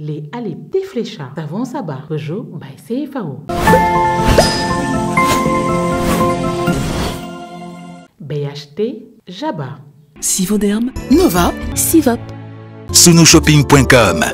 les Alepti avant ça bas. Peugeot by CFAO. BHT Jabba. Sivoderm, Nova, Sivop, SunoShopping.com.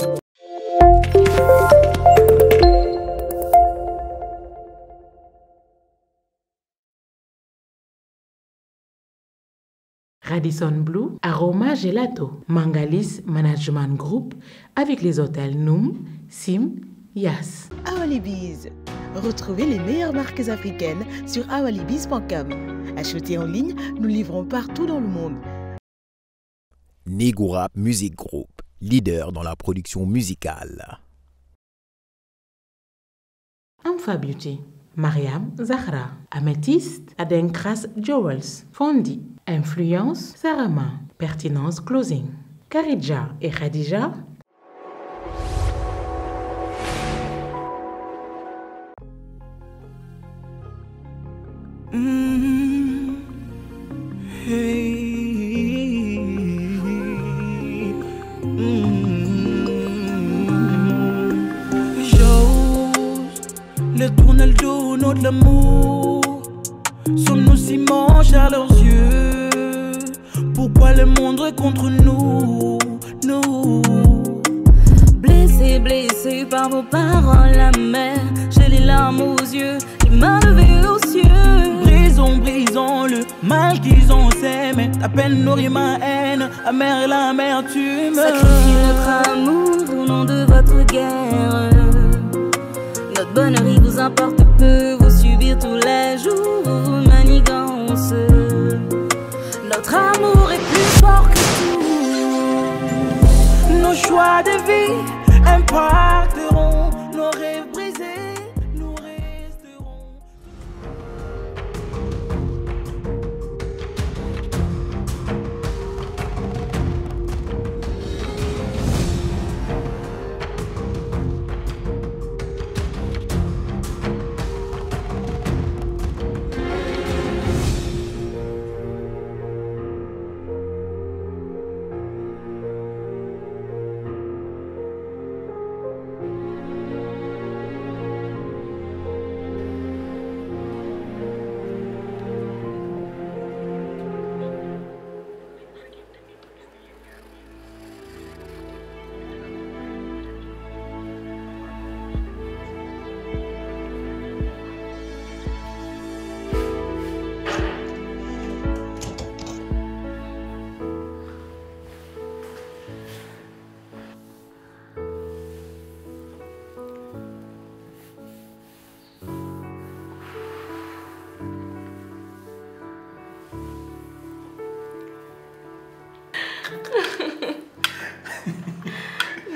Radisson Blue, Aroma Gelato, Mangalis Management Group avec les hôtels Noum, Sim, Yas. Awalibiz. Retrouvez les meilleures marques africaines sur awalibiz.com. Achetez en ligne, nous livrons partout dans le monde. Negura Music Group, leader dans la production musicale. Amfa Beauty. Mariam Zahra. Amethyst Adenkras Jewels Fondi, Influence, Sarama. Pertinence Closing. Karidja et Khadija. Hmm. Sommes-nous si manches à leurs yeux Pourquoi le monde est contre nous, nous Blessé, blessé par vos paroles mer, J'ai les larmes aux yeux, les mains levées aux cieux Brisons, brisons le mal qu'ils ont s'aimé à peine nourrit ma haine, amère l'amertume Sacrifiez notre amour au nom de votre guerre Notre bonheur vous importe peu manigance. Notre amour est plus fort que tout. Nos choix de vie importent.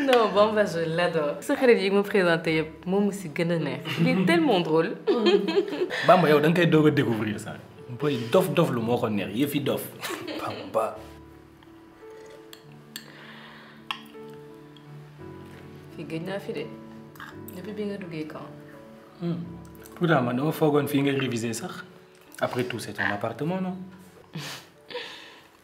non bah, je l'adore sa xarit me présenté il est tellement drôle. Bamba yow vas découvrir boy dof dof lu neex de de depuis nga quand? Hmm. pourtant je vais réviser ça. après tout c'est un appartement non.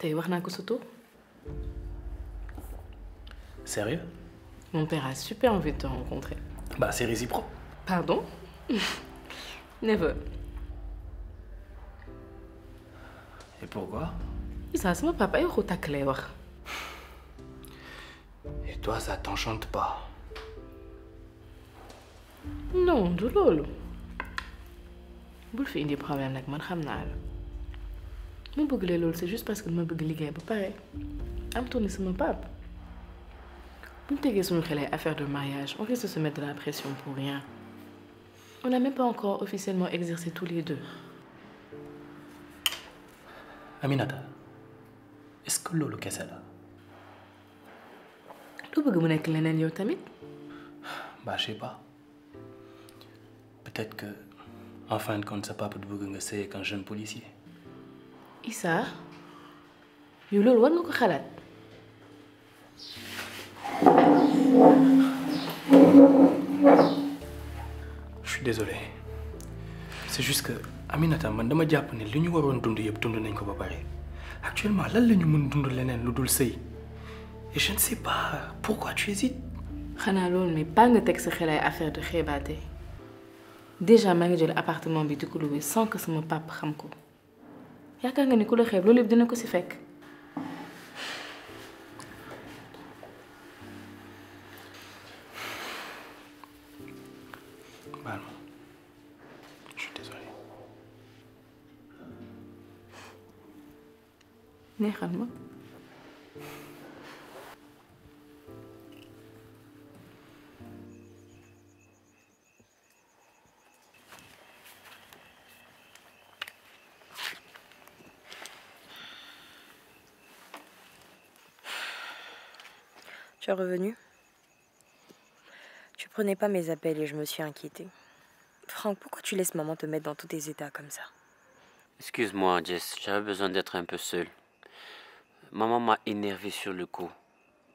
Tu wax naa ko sérieux mon père a super envie de te rencontrer bah c'est réciproque pardon never et pourquoi c'est mon papa et tàkk lay et toi ça t'enchante pas non du vous Vous des problèmes avec moi man xam ma bëgg lee c'est juste parce que ma bëgg liggéey ba pareil. am sur mon pap bu ñu tegee suñu xelee affaire de mariage on risque de se mettre de la pression pour rien on n'a même pas encore officiellement exercé tous les deux Aminata est-ce que loolu kese là? lu bëgg que nekk leneen yow tamit bah je sais pas peut-être que en fin de compte ce papa du bëgg nga sëy un jeune policier Issa yow loolu war nga ko xalaat je suis désolé c'est juste que Aminata man dama japp ne liñu ñu waroon dund yëpp dund nañ ko ba pare actuellement lan lañu ñu mën dund lenen lu dul sëy et je ne sais pas pourquoi tu hésites Xana lol mais pas nga tek sa xelay affaire de xébaté. déjà maa ngi jël appartement bi di ko sans que sama papa xam ko yaakaar nga ni ku la xeeb loolu yëpp dina ko si fekk baal ma je suis désolé neexal ma revenu Tu prenais pas mes appels et je me suis inquiétée. Franck, pourquoi tu laisses maman te mettre dans tous tes états comme ça Excuse-moi, Jess, j'avais besoin d'être un peu seule. Maman m'a énervé sur le coup,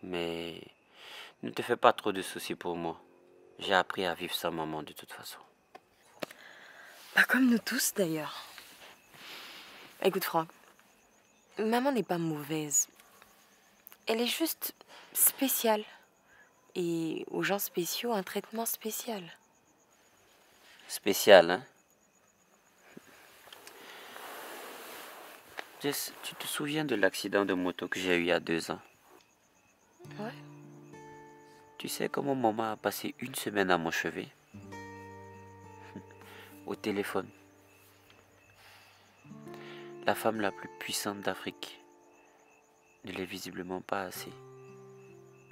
mais ne te fais pas trop de soucis pour moi. J'ai appris à vivre sans maman de toute façon. Pas comme nous tous d'ailleurs. Écoute Franck, maman n'est pas mauvaise. Elle est juste spécial et aux gens spéciaux un traitement spécial. Spécial, hein Jess, tu te souviens de l'accident de moto que j'ai eu il y a deux ans Ouais. Tu sais comment maman a passé une semaine à mon chevet Au téléphone. La femme la plus puissante d'Afrique ne l'est visiblement pas assez.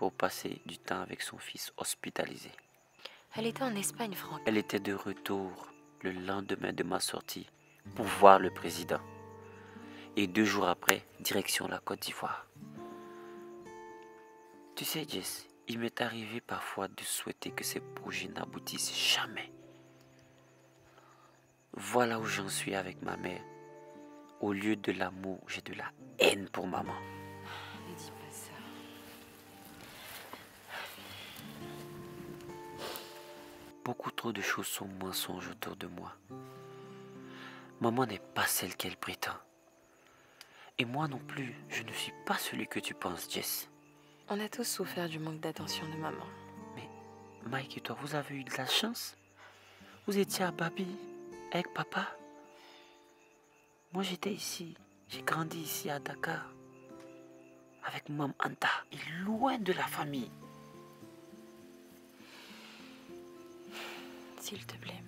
Au passer du temps avec son fils hospitalisé. Elle était en Espagne, Franck. Elle était de retour le lendemain de ma sortie pour voir le président. Et deux jours après, direction la Côte d'Ivoire. Tu sais, Jess, il m'est arrivé parfois de souhaiter que ces projets n'aboutissent jamais. Voilà où j'en suis avec ma mère. Au lieu de l'amour, j'ai de la haine pour maman. beaucoup trop de choses sont mensonges autour de moi. Maman n'est pas celle qu'elle prétend. Et moi non plus, je ne suis pas celui que tu penses, Jess. On a tous souffert du manque d'attention de maman. Mais Mike et toi, vous avez eu de la chance. Vous étiez à Babi, avec papa. Moi j'étais ici. J'ai grandi ici à Dakar. Avec maman Anta. Et loin de la famille. s'il te plaît.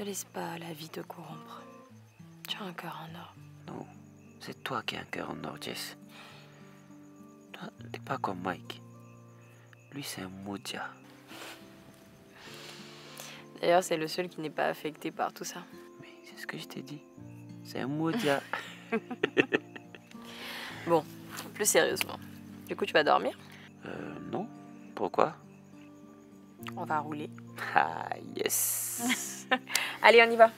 Ne laisse pas la vie te corrompre. Tu as un cœur en or. Non, c'est toi qui as un cœur en or, Jess. Toi, t'es pas comme Mike. Lui, c'est un modia. D'ailleurs, c'est le seul qui n'est pas affecté par tout ça. Mais c'est ce que je t'ai dit. C'est un modia. bon, plus sérieusement. Du coup, tu vas dormir euh, non. Pourquoi on va rouler. Ah, yes Allez, on y va.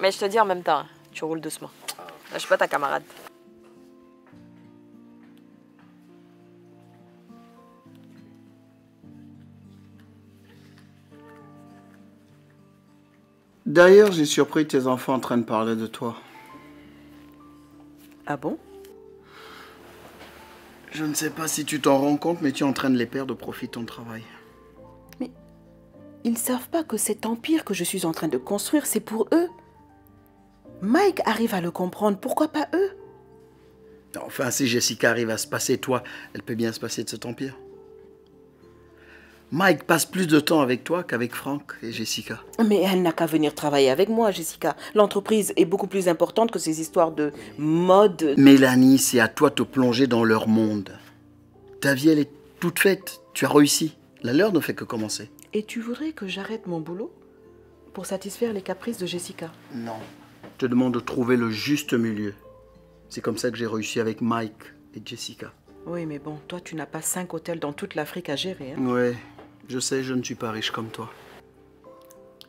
Mais je te dis en même temps, tu roules doucement. Je suis pas ta camarade. D'ailleurs, j'ai surpris tes enfants en train de parler de toi. Ah bon Je ne sais pas si tu t'en rends compte, mais tu es en train de les perdre au profit de ton travail. Ils savent pas que cet empire que je suis en train de construire, c'est pour eux. Mike arrive à le comprendre, pourquoi pas eux Enfin, si Jessica arrive à se passer toi, elle peut bien se passer de cet empire. Mike passe plus de temps avec toi qu'avec Franck et Jessica. Mais elle n'a qu'à venir travailler avec moi, Jessica. L'entreprise est beaucoup plus importante que ces histoires de mode. Mélanie, c'est à toi de te plonger dans leur monde. Ta vie, elle est toute faite. Tu as réussi. La leur ne fait que commencer. Et tu voudrais que j'arrête mon boulot pour satisfaire les caprices de Jessica Non. Je te demande de trouver le juste milieu. C'est comme ça que j'ai réussi avec Mike et Jessica. Oui, mais bon, toi, tu n'as pas cinq hôtels dans toute l'Afrique à gérer. Hein? Ouais, je sais, je ne suis pas riche comme toi.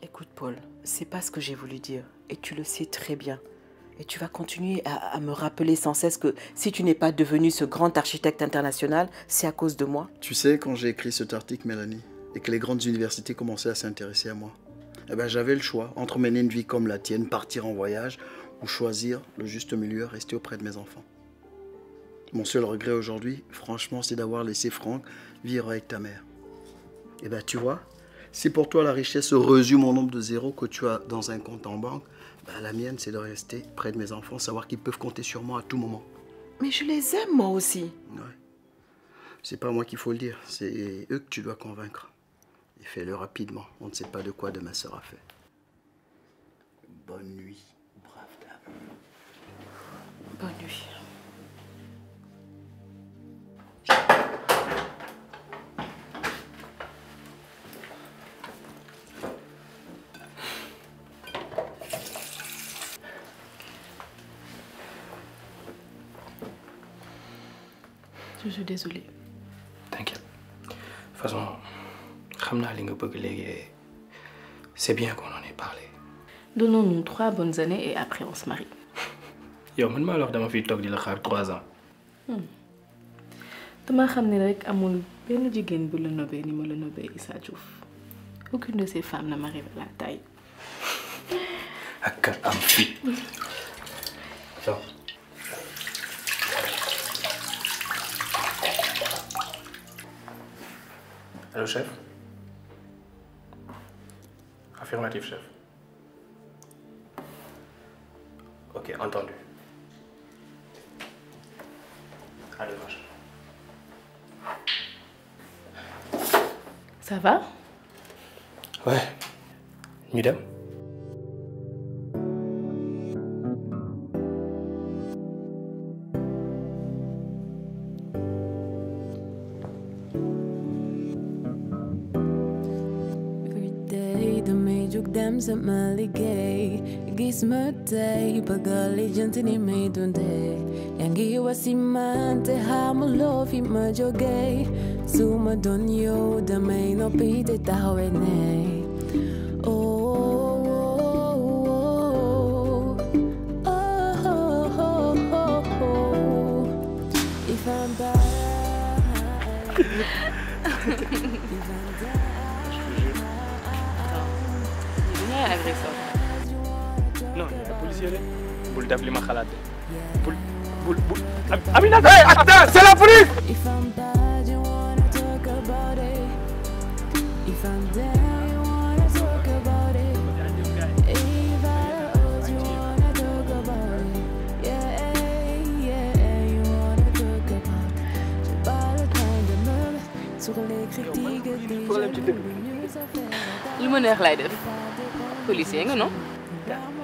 Écoute, Paul, c'est pas ce que j'ai voulu dire. Et tu le sais très bien. Et tu vas continuer à me rappeler sans cesse que si tu n'es pas devenu ce grand architecte international, c'est à cause de moi. Tu sais, quand j'ai écrit cet article, Mélanie, et que les grandes universités commençaient à s'intéresser à moi, eh ben, j'avais le choix entre mener une vie comme la tienne, partir en voyage, ou choisir le juste milieu, rester auprès de mes enfants. Mon seul regret aujourd'hui, franchement, c'est d'avoir laissé Franck vivre avec ta mère. Eh bien, tu vois, si pour toi la richesse résume au nombre de zéros que tu as dans un compte en banque, ben, la mienne, c'est de rester près de mes enfants, savoir qu'ils peuvent compter sur moi à tout moment. Mais je les aime, moi aussi. Ouais. C'est pas moi qu'il faut le dire, c'est eux que tu dois convaincre et fais-le rapidement. On ne sait pas de quoi demain sera fait. Bonne nuit, brave dame. Bonne nuit. Je suis désolée. T'inquiète. façon, xam naa li nga bëgg c'est bien qu'on en ait parlé. donnons-nous trois bonnes années et après on se marie. yow man maa la wax dama fiy toog la xaar trois ans. Hmm. dama xam ne rek amul benn jigéen bu la nobé ni ma la Issa Diouf aucune de ces femmes ne m'arrive à la taille. ak am fi. allo chef. Affirmatif, chef. Ok, entendu. Allez, marche. Ça va Ouais. madame. Smerte ipagali jantini meidunde Yangi wasimante hamulofi majoge Suma donyo dame no pite tahawene Je te jure. Il est bien la vraie fois non police you, bul def li ma xalaat de bul bul bul Aminata hey attends c'est la police lu ma neex laay def policier nga non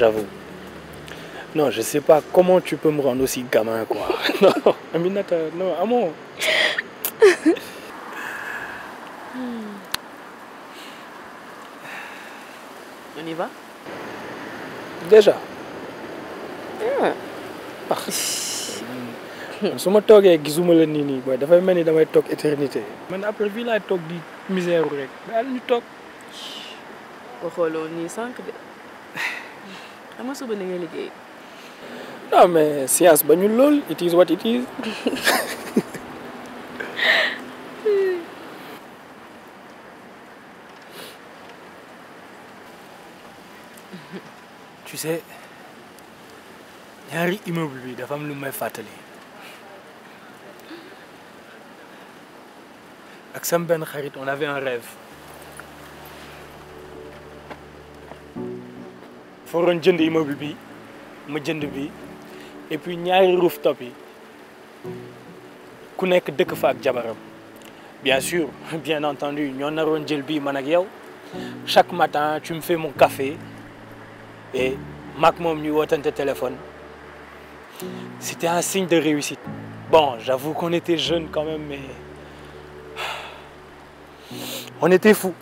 j'avoue. Non, je sais pas comment tu peux me rendre aussi gamin, quoi. non, Aminata, non, amour. Hmm. On y va Déjà. Hmm. Ah. Hmm. su ma toogee gisuma la ni, boy da fay melni ni damay tok éternité. man après vie la tok di misère rek. daal ñu toog. waxooloo nii sànq de non mais science it is what it is. tu sais il immeuble a un lu may ak sam Ben on avait un rêve. Il waroon jënd immeuble bi ma bi et puis ñaari rooftop a ku nekk jabaram bien sûr bien entendu nous avons jël bii man chaque matin tu me fais mon café et maak moom ñuy wootante téléphone c'était un signe de réussite bon j'avoue qu'on était jeunes quand même mais on était fous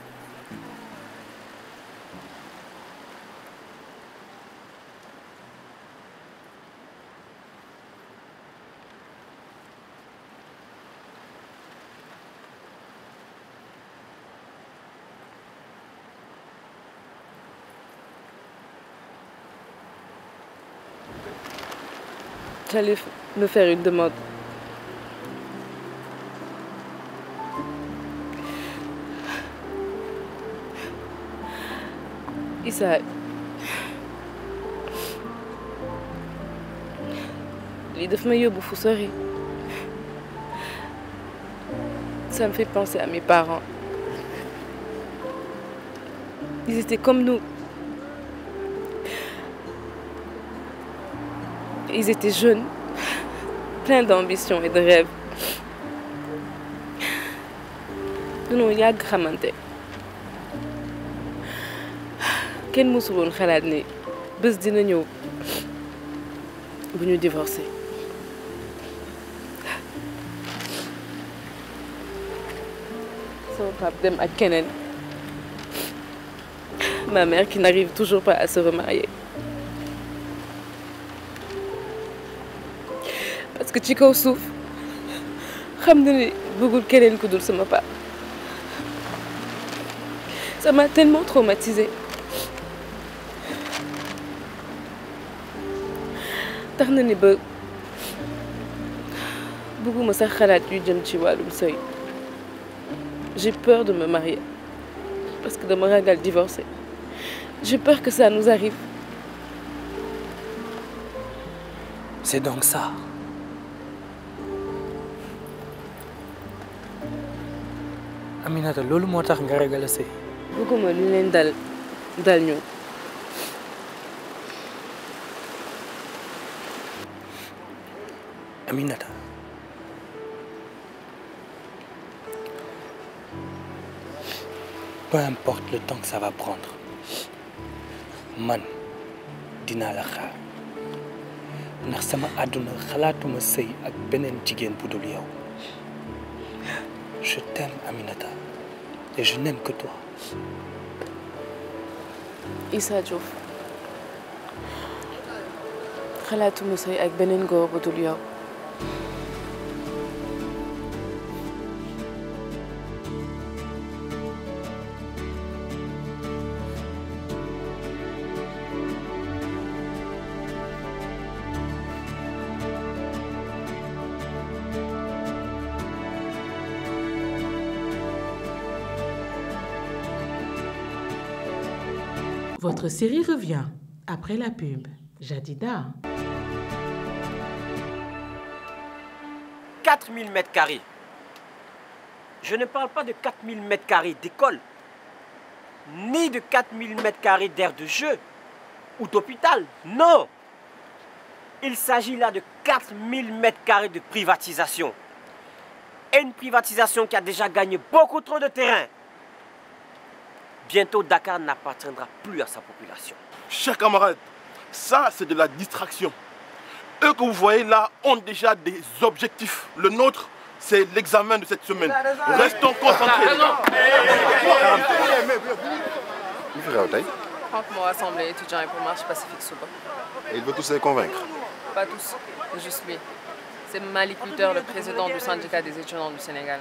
j'allais me faire une demande. Issa, les deux ma yóbbu ça me fait penser à mes parents ils étaient comme nous Ils étaient jeunes, pleins d'ambition et de rêves. Nous nous xamante kenn mësul woon xalaat ni bés dina ñëw vous nous divorcé sama papa dem ak Kenen..! ma mère qui n'arrive toujours pas à se remarier nekk ci kaw suuf xam na ni bëggul keneen ku dul sama ça m'a tellement traumatisée tax na ni ba bëgguma sax xalaat yu jëm ci wàllum j'ai peur de me marier parce que dama ragal divorcer j'ai peur que ça nous arrive C'est donc ça. Aminata loolu moo tax nga ragal a sëy. bëgguma lu leen dal dal ñu. Aminata peu importe le temps que ça va prendre man dina la xaar ndax sama aduna xalaatuma sey ak benen jigéen bu dul yow je t'aime Aminata et je n'aime que toi. Issa Diouf xalaatuma sëy ak beneen góor bu Votre série revient après la pub. Jadida. 4000 mètres carrés. Je ne parle pas de 4000 mètres carrés d'école, ni de 4000 mètres carrés d'air de jeu ou d'hôpital. Non Il s'agit là de 4000 mètres carrés de privatisation. Et une privatisation qui a déjà gagné beaucoup trop de terrain. Bientôt, Dakar n'appartiendra plus à sa population. Chers camarades, ça c'est de la distraction. Eux que vous voyez là ont déjà des objectifs. Le nôtre, c'est l'examen de cette semaine. Restons concentrés. Il On Franchement, étudiants et pour marche pacifique Et il veut tous les convaincre Pas tous, juste lui. C'est Malik Luther, le président du syndicat des étudiants du Sénégal.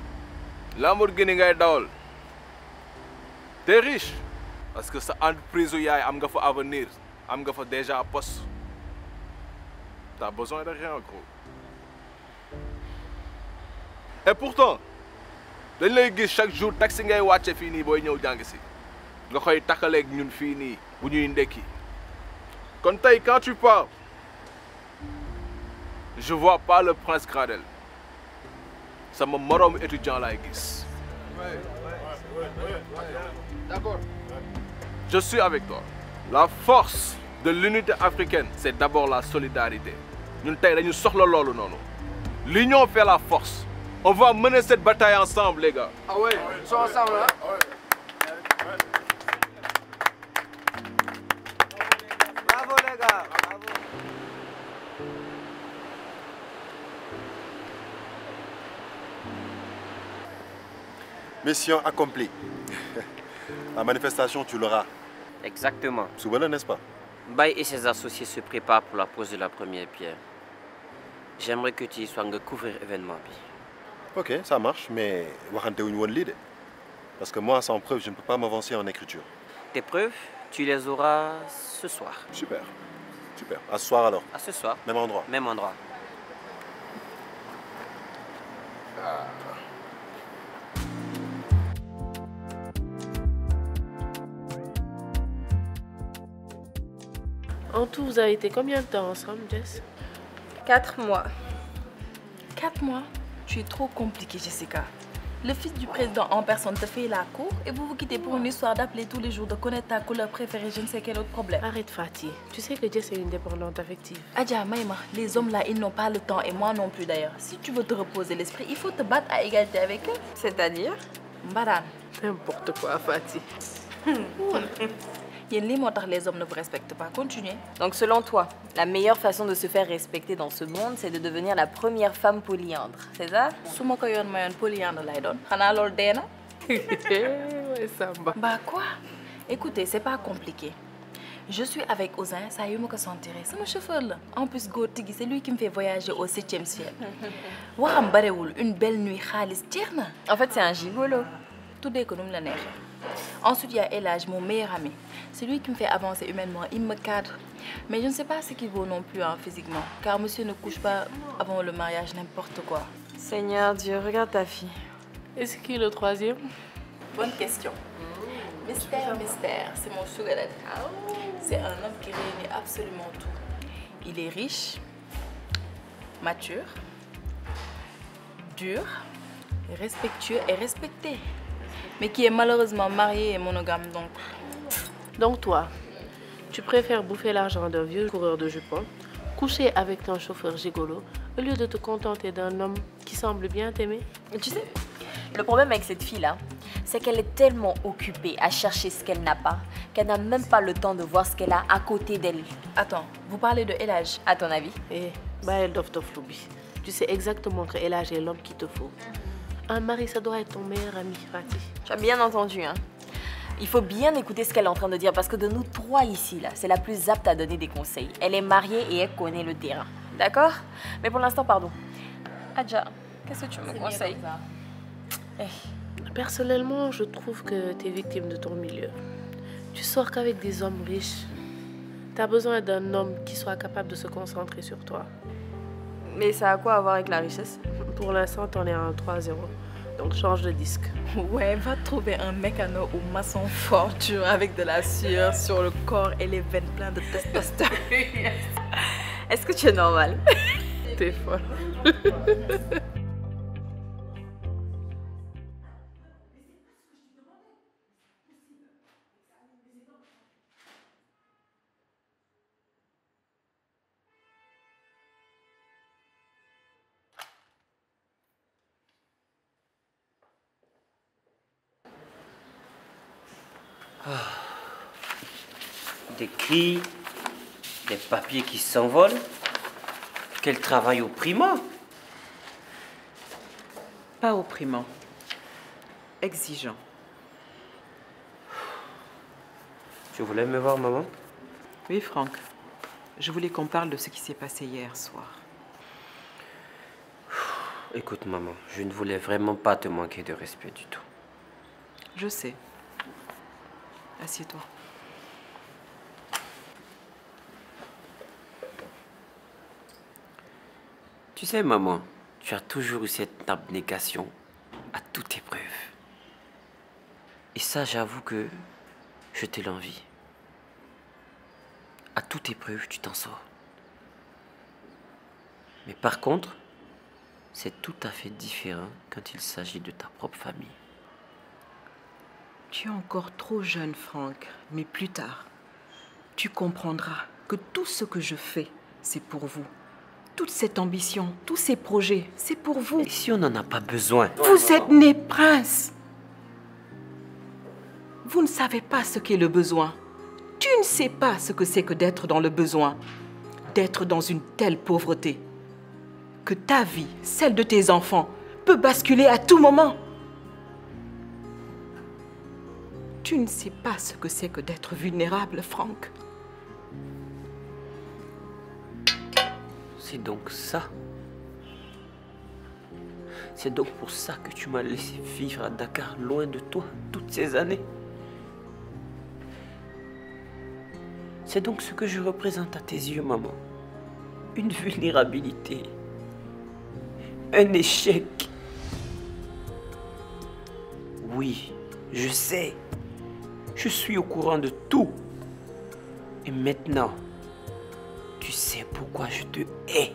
Lamborghini ngay dawal te riche parce que sa entreprise yaay am nga fa avenir am nga fa déjà poste t'as besoin de rien gros et pourtant dañ lay gis chaque jour taxi ngay wàcce fini boy booy ñëw jàng si nga koy ñun fini bu ñuy ndekki quand tu pars je vois pas le prince Gradel sama étudiant d'accord je suis avec toi la force de l'unité africaine c'est d'abord la solidarité Nous sommes dañu l'union fait la force on va mener cette bataille ensemble les gars ah ouais, ils ensemble hein ah Mission accomplie. La manifestation, tu l'auras. Exactement. souvenez-vous n'est-ce pas Bay et ses associés se préparent pour la pose de la première pierre. J'aimerais que tu y sois en couvrir l'événement. Ok, ça marche, mais Parce que moi, sans preuve, je ne peux pas m'avancer en écriture. Tes preuves, tu les auras ce soir. Super. Super. À ce soir alors À ce soir. Même endroit. Même endroit. Ah. En tout, vous avez été combien de temps ensemble, Jess Quatre mois. Quatre mois Tu es trop compliquée, Jessica. Le fils du président en personne te fait la cour et vous vous quittez pour une histoire d'appeler tous les jours, de connaître ta couleur préférée, je ne sais quel autre problème. Arrête Fatih, tu sais que Jess est une dépendante affective. Adja, Maïma, les hommes là, ils n'ont pas le temps et moi non plus d'ailleurs. Si tu veux te reposer l'esprit, il faut te battre à égalité avec eux. C'est-à-dire Mbadan. N'importe quoi Fatih. les hommes ne vous respectent pas continuez. donc selon toi la meilleure façon de se faire respecter dans ce monde c'est de devenir la première femme polyandre c'est ça. Si je ko polyandre lay bah quoi écoutez c'est pas compliqué. je suis avec ça ça moi ma suis c'est chauffeur en plus c'est lui qui me fait voyager au septième ciel Waram barewul une belle nuit en fait c'est un gigolo. Tout dès que la neige. Ensuite, il y a Elage, mon meilleur ami. Celui qui me fait avancer humainement, il me cadre. Mais je ne sais pas ce qu'il vaut non plus hein, physiquement, car monsieur ne couche pas avant le mariage n'importe quoi. Seigneur Dieu, regarde ta fille. Est-ce qu'il est le troisième Bonne question. Mystère, mystère, c'est mon sugar C'est un homme qui réunit absolument tout. Il est riche, mature, dur, respectueux et respecté mais qui est malheureusement marié et monogame donc. Donc toi, tu préfères bouffer l'argent d'un vieux coureur de jupons, coucher avec ton chauffeur gigolo, au lieu de te contenter d'un homme qui semble bien t'aimer Tu sais, le problème avec cette fille-là, c'est qu'elle est tellement occupée à chercher ce qu'elle n'a pas, qu'elle n'a même pas le temps de voir ce qu'elle a à côté d'elle. Attends, vous parlez de Elage, à ton avis Eh, bah elle doit te Tu sais exactement que Elage est l'homme qu'il te faut. Un mari, ça doit être ton meilleur ami, Tu as bien entendu, hein il faut bien écouter ce qu'elle est en train de dire parce que de nous trois ici, là, c'est la plus apte à donner des conseils. Elle est mariée et elle connaît le terrain. D'accord Mais pour l'instant, pardon. Adja, qu'est-ce que tu me conseilles eh. Personnellement, je trouve que tu es victime de ton milieu. Tu sors qu'avec des hommes riches. Tu as besoin d'un homme qui soit capable de se concentrer sur toi. Mais ça a quoi à voir avec la richesse Pour l'instant, t'en es à un 3-0. Donc change de disque. Ouais, va trouver un mécano ou maçon fort, tu avec de la sueur sur le corps et les veines pleines de testostérone. Est-ce que tu es normal T'es folle. des papiers qui s'envolent. Quel travail opprimant Pas opprimant, exigeant. Tu voulais me voir, maman Oui, Franck. Je voulais qu'on parle de ce qui s'est passé hier soir. Écoute, maman, je ne voulais vraiment pas te manquer de respect du tout. Je sais. Assieds-toi. sais, maman, tu as toujours eu cette abnégation à toute épreuve. Et ça, j'avoue que je t'ai l'envie. À toute épreuve, tu t'en sors. Mais par contre, c'est tout à fait différent quand il s'agit de ta propre famille. Tu es encore trop jeune, Franck, mais plus tard, tu comprendras que tout ce que je fais, c'est pour vous toute cette ambition, tous ces projets, c'est pour vous. si on n'en a pas besoin Vous êtes né prince. Vous ne savez pas ce qu'est le besoin. Tu ne sais pas ce que c'est que d'être dans le besoin, d'être dans une telle pauvreté, que ta vie, celle de tes enfants, peut basculer à tout moment. Tu ne sais pas ce que c'est que d'être vulnérable, Franck. C'est donc ça. C'est donc pour ça que tu m'as laissé vivre à Dakar, loin de toi, toutes ces années. C'est donc ce que je représente à tes yeux, maman. Une vulnérabilité. Un échec. Oui, je sais. Je suis au courant de tout. Et maintenant, tu sais pourquoi je te hais.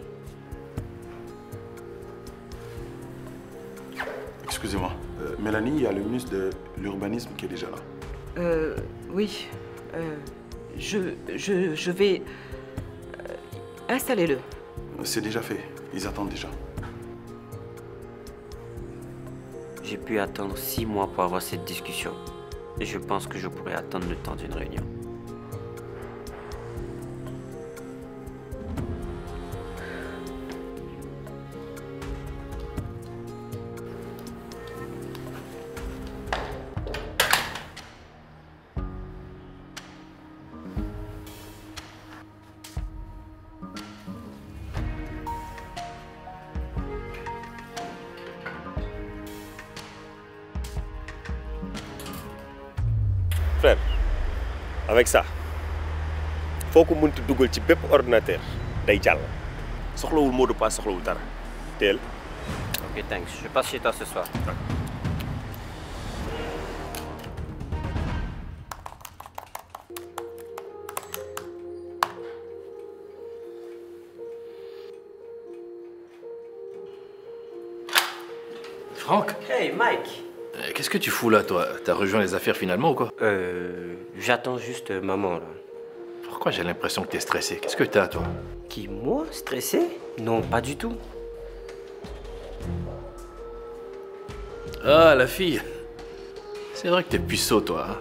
Excusez-moi, euh, Mélanie, il y a le ministre de l'Urbanisme qui est déjà là. Euh, oui. Euh, je, je, je, vais... Euh, installer le C'est déjà fait. Ils attendent déjà. J'ai pu attendre six mois pour avoir cette discussion. Et je pense que je pourrais attendre le temps d'une réunion. ordinateur ok thanks je passe chez toi ce soir. Franck Hey Mike euh, Qu'est-ce que tu fous là, toi T'as rejoint les affaires finalement ou quoi Euh. J'attends juste maman là. Moi j'ai l'impression que t'es stressé Qu'est-ce que t'as, toi Qui, moi Stressé Non, pas du tout. Ah, la fille C'est vrai que t'es puceau, toi. Hein.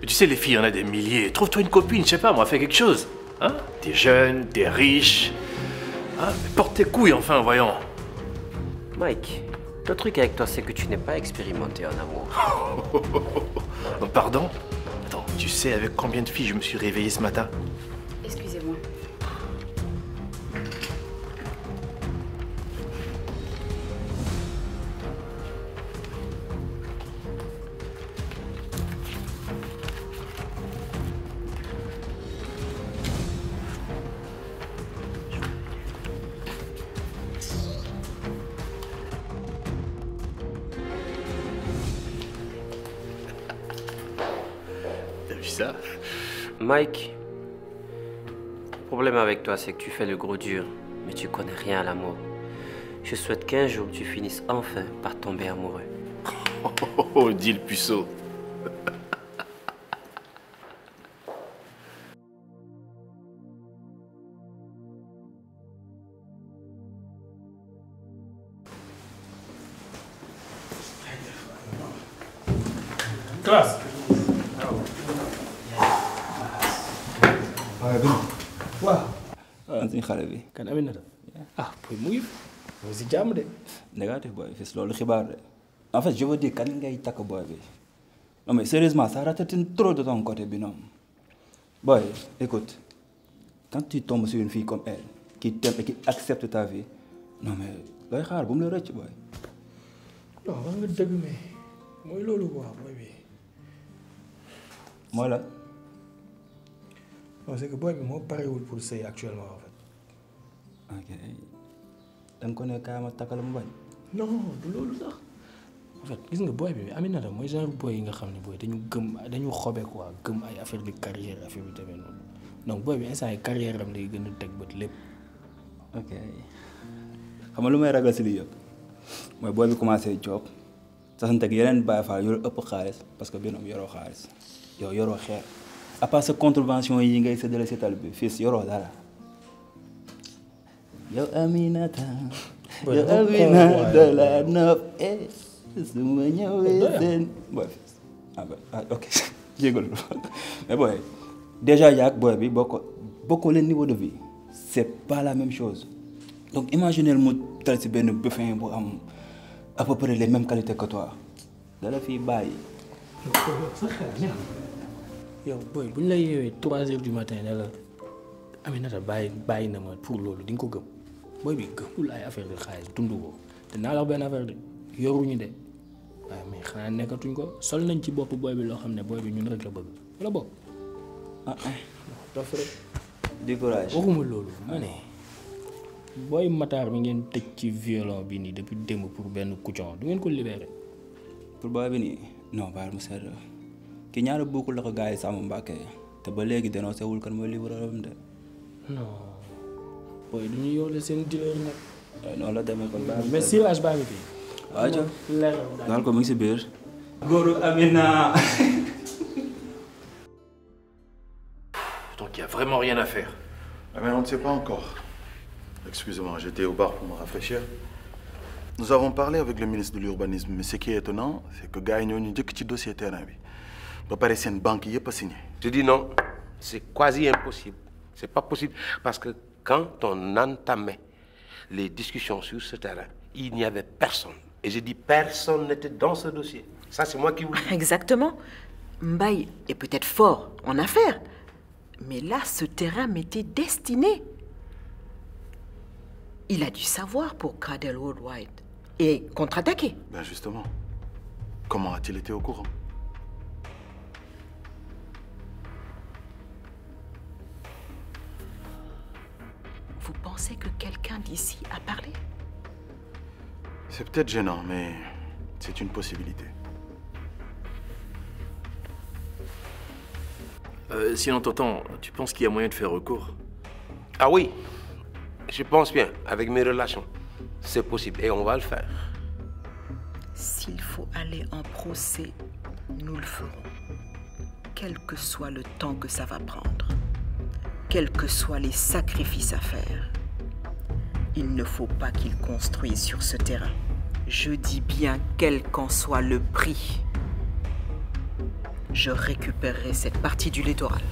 Mais tu sais, les filles, il y en a des milliers. Trouve-toi une copine, je sais pas, moi, fais quelque chose. Hein T'es jeune, t'es riche. Ah, porte tes couilles, enfin, voyons. Mike, le truc avec toi, c'est que tu n'es pas expérimenté en amour. Pardon tu sais avec combien de filles je me suis réveillé ce matin Mike, le problème avec toi, c'est que tu fais le gros dur, mais tu connais rien à l'amour. Je souhaite qu'un jour, tu finisses enfin par tomber amoureux. Oh, oh dis le puceau. doo si jàmm négatif boy fils loolu xibar en fait je veux dire quand ngay takk booy bi non mais sérieusement ça une trop de ton côté binom boy écoute quand tu tombes sur une fille comme elle qui t'aime et qui accepte ta vie non mais looy xaar bu mu la boy non wax nga dëgg mais moi loolu quoi moi bi. Moi la. non c'est que boy, bi moo parewul pour ça actuellement en fait. ok. da nga ko ne kaay ma takkal mu bañ. non du loolu sax. en fait gis nga booy bi Aminata mooy genre booy yi nga xam ne booy dañu gëm dañu xobe quoi gëm ay affaire de carrière affaire bi demee noonu donc booy bi instant yi carrière am lay gën a teg bët lépp. ok xam nga lu may ragal si li yëpp mooy booy bi commencé job sasante ak yeneen Baye Fall yor ëpp xaalis parce que benn am yoroo xaalis yow yoroo xeer à part sa contravention yi ngay séddale si bi fii yoroo dara. Yo Aminata. Yo Aminata la nopp su ma ñëwee seen. ah ok jégalu mais bon, déjà yaak booy bi Beaucoup, bokkoo leen niveau de vie c'est pas la même chose donc imaginez mu tal si de buffin bu am à peu près les mêmes qualités que toi dala fii bàyyi. yow Yo, bu ñu la eu trois heures du matin là. Aminata bye, bye, pour loolu di ko booy bi gëmul de xaalis dund ko te naa la benn affaire de yoruñu nekkatuñ ko sol nañ ci bopp booy bi loo xam ne booy bi ñun rek la bëgg wala boog. ah, ah. booy mataar bi ngeen tëj ci violon bi nii depuis démb pour benn couchon du ngeen ko libéré. pour booy bi nii non baal ma seet ki ñaari buukul la ko gars yi sàmm mbàkke te ba léegi dénoncé wul kan mooy libéré de. la mais ko Donc il y a vraiment rien à faire. Ah, mais on ne sait pas encore. Excusez-moi, j'étais au bar pour me rafraîchir. Nous avons parlé avec le ministre de l'Urbanisme, mais ce qui est étonnant, c'est que gars, ñu avons ci dossier terrain. Il ba paré une banque qui n'est pas signée. Je dis non, c'est quasi impossible. C'est pas possible parce que quand on entamait les discussions sur ce terrain, il n'y avait personne. Et j'ai dit personne n'était dans ce dossier. Ça, c'est moi qui vous Exactement. Mbaye est peut-être fort en affaires, mais là, ce terrain m'était destiné. Il a dû savoir pour Cradle Worldwide et contre-attaquer. Ben justement, comment a-t-il été au courant Vous pensez que quelqu'un d'ici a parlé C'est peut-être gênant, mais c'est une possibilité. Euh, sinon, t'entend, tu penses qu'il y a moyen de faire recours Ah oui, je pense bien, avec mes relations. C'est possible et on va le faire. S'il faut aller en procès, nous le ferons, quel que soit le temps que ça va prendre quels que soient les sacrifices à faire. Il ne faut pas qu'ils construisent sur ce terrain. Je dis bien quel qu'en soit le prix. Je récupérerai cette partie du littoral.